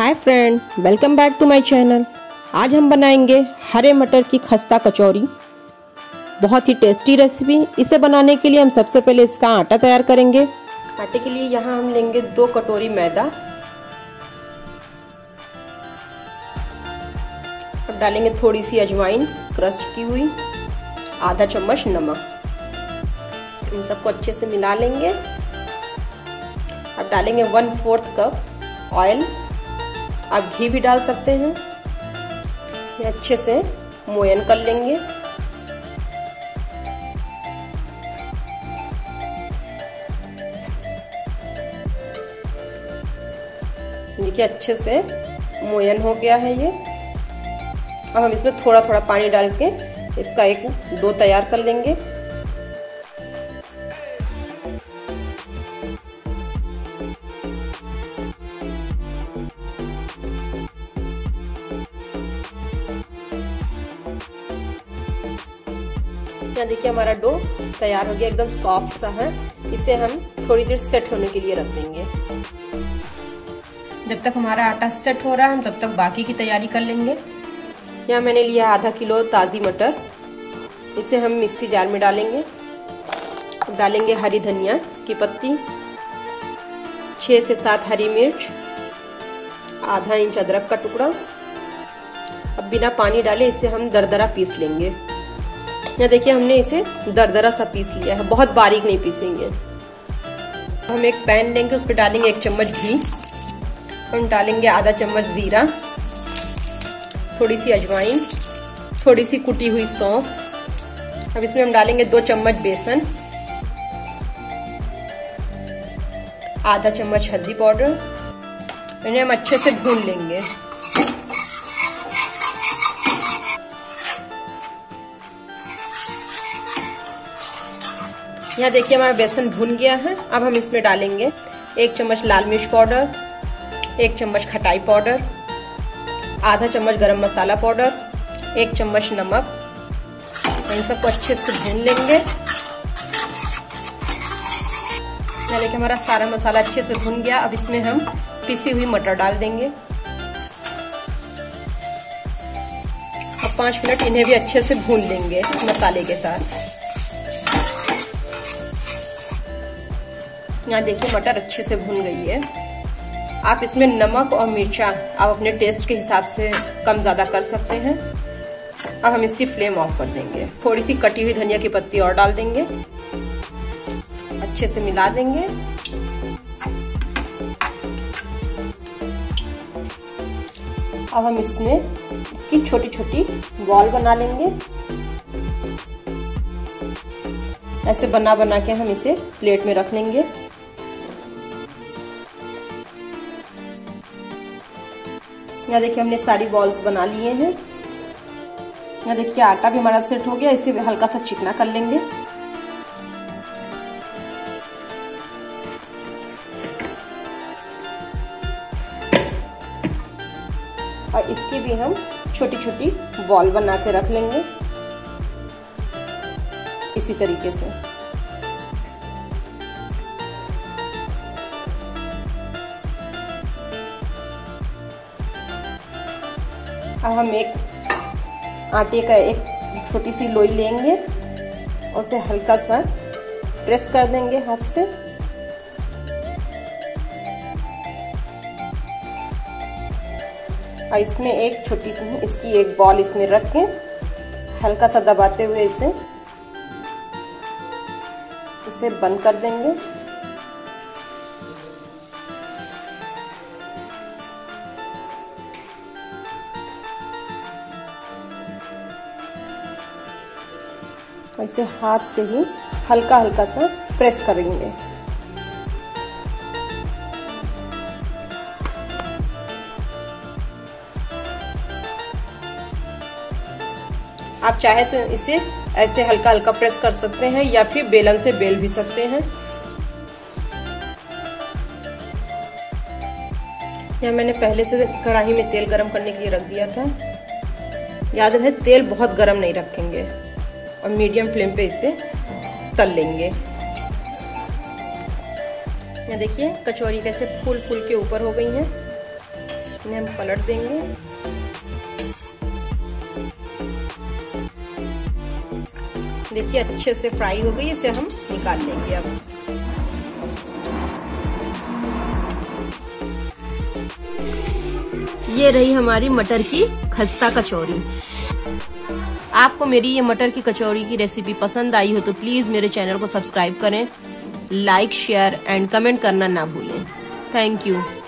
hi friend welcome back to my channel आज हम बनाएंगे हरे मटर की खस्ता कचौरी बहुत ही टेस्टी रेसिपी इसे बनाने के लिए हम सबसे पहले इसका आटा तैयार करेंगे आटे के लिए यहाँ हम लेंगे दो कटोरी मैदा और डालेंगे थोड़ी सी अजवाइन क्रस्ट की हुई आधा चम्मच नमक इन सबको अच्छे से मिला लेंगे अब डालेंगे वन फोर्थ कप ऑयल आप घी भी डाल सकते हैं अच्छे से मोयन कर लेंगे देखिए अच्छे से मोयन हो गया है ये अब हम इसमें थोड़ा थोड़ा पानी डाल के इसका एक डो तैयार कर लेंगे यहाँ देखिए हमारा डो तैयार हो गया एकदम सॉफ्ट सा है इसे हम थोड़ी देर सेट होने के लिए रख देंगे जब तक हमारा आटा सेट हो रहा है हम तब तक बाकी की तैयारी कर लेंगे यहाँ मैंने लिया आधा किलो ताज़ी मटर इसे हम मिक्सी जार में डालेंगे डालेंगे हरी धनिया की पत्ती छः से सात हरी मिर्च आधा इंच अदरक का टुकड़ा अब बिना पानी डाले इसे हम दरदरा पीस लेंगे यहाँ देखिए हमने इसे दरदरा सा पीस लिया है बहुत बारीक नहीं पीसेंगे हम एक पैन लेंगे उस पर डालेंगे एक चम्मच घी और डालेंगे आधा चम्मच ज़ीरा थोड़ी सी अजवाइन थोड़ी सी कुटी हुई सौंफ अब इसमें हम डालेंगे दो चम्मच बेसन आधा चम्मच हल्दी पाउडर इन्हें हम अच्छे से भून लेंगे यहाँ देखिए हमारा बेसन भून गया है अब हम इसमें डालेंगे एक चम्मच लाल मिर्च पाउडर एक चम्मच खटाई पाउडर आधा चम्मच गरम मसाला पाउडर एक चम्मच नमक इन सबको अच्छे से भून लेंगे यहाँ देखिए हमारा सारा मसाला अच्छे से भून गया अब इसमें हम पिसी हुई मटर डाल देंगे अब पाँच मिनट इन्हें भी अच्छे से भून लेंगे मसाले के साथ यहाँ देखिए मटर अच्छे से भून गई है आप इसमें नमक और मिर्चा आप अपने टेस्ट के हिसाब से कम ज़्यादा कर सकते हैं अब हम इसकी फ्लेम ऑफ कर देंगे थोड़ी सी कटी हुई धनिया की पत्ती और डाल देंगे अच्छे से मिला देंगे अब हम इसमें इसकी छोटी छोटी बॉल बना लेंगे ऐसे बना बना के हम इसे प्लेट में रख लेंगे यहाँ देखिए हमने सारी बॉल्स बना लिए हैं यहाँ देखिए आटा भी हमारा सेट हो गया इसे हल्का सा चिकना कर लेंगे और इसकी भी हम छोटी छोटी बॉल बना के रख लेंगे इसी तरीके से अब हम एक आटे का एक छोटी सी लोई लेंगे और उसे हल्का सा प्रेस कर देंगे हाथ से और इसमें एक छोटी इसकी एक बॉल इसमें रखें हल्का सा दबाते हुए इसे इसे बंद कर देंगे ऐसे हाथ से ही हल्का हल्का सा प्रेस करेंगे आप चाहे तो इसे ऐसे हल्का हल्का प्रेस कर सकते हैं या फिर बेलन से बेल भी सकते हैं यह मैंने पहले से कढ़ाई में तेल गरम करने के लिए रख दिया था याद रहे तेल बहुत गरम नहीं रखेंगे और मीडियम फ्लेम पे इसे तल लेंगे यहाँ देखिए कचौरी कैसे फूल फूल के ऊपर हो गई है इन्हें हम पलट देंगे देखिए अच्छे से फ्राई हो गई इसे हम निकाल लेंगे अब ये रही हमारी मटर की खस्ता कचौरी आपको मेरी ये मटर की कचौरी की रेसिपी पसंद आई हो तो प्लीज मेरे चैनल को सब्सक्राइब करें लाइक शेयर एंड कमेंट करना ना भूलें थैंक यू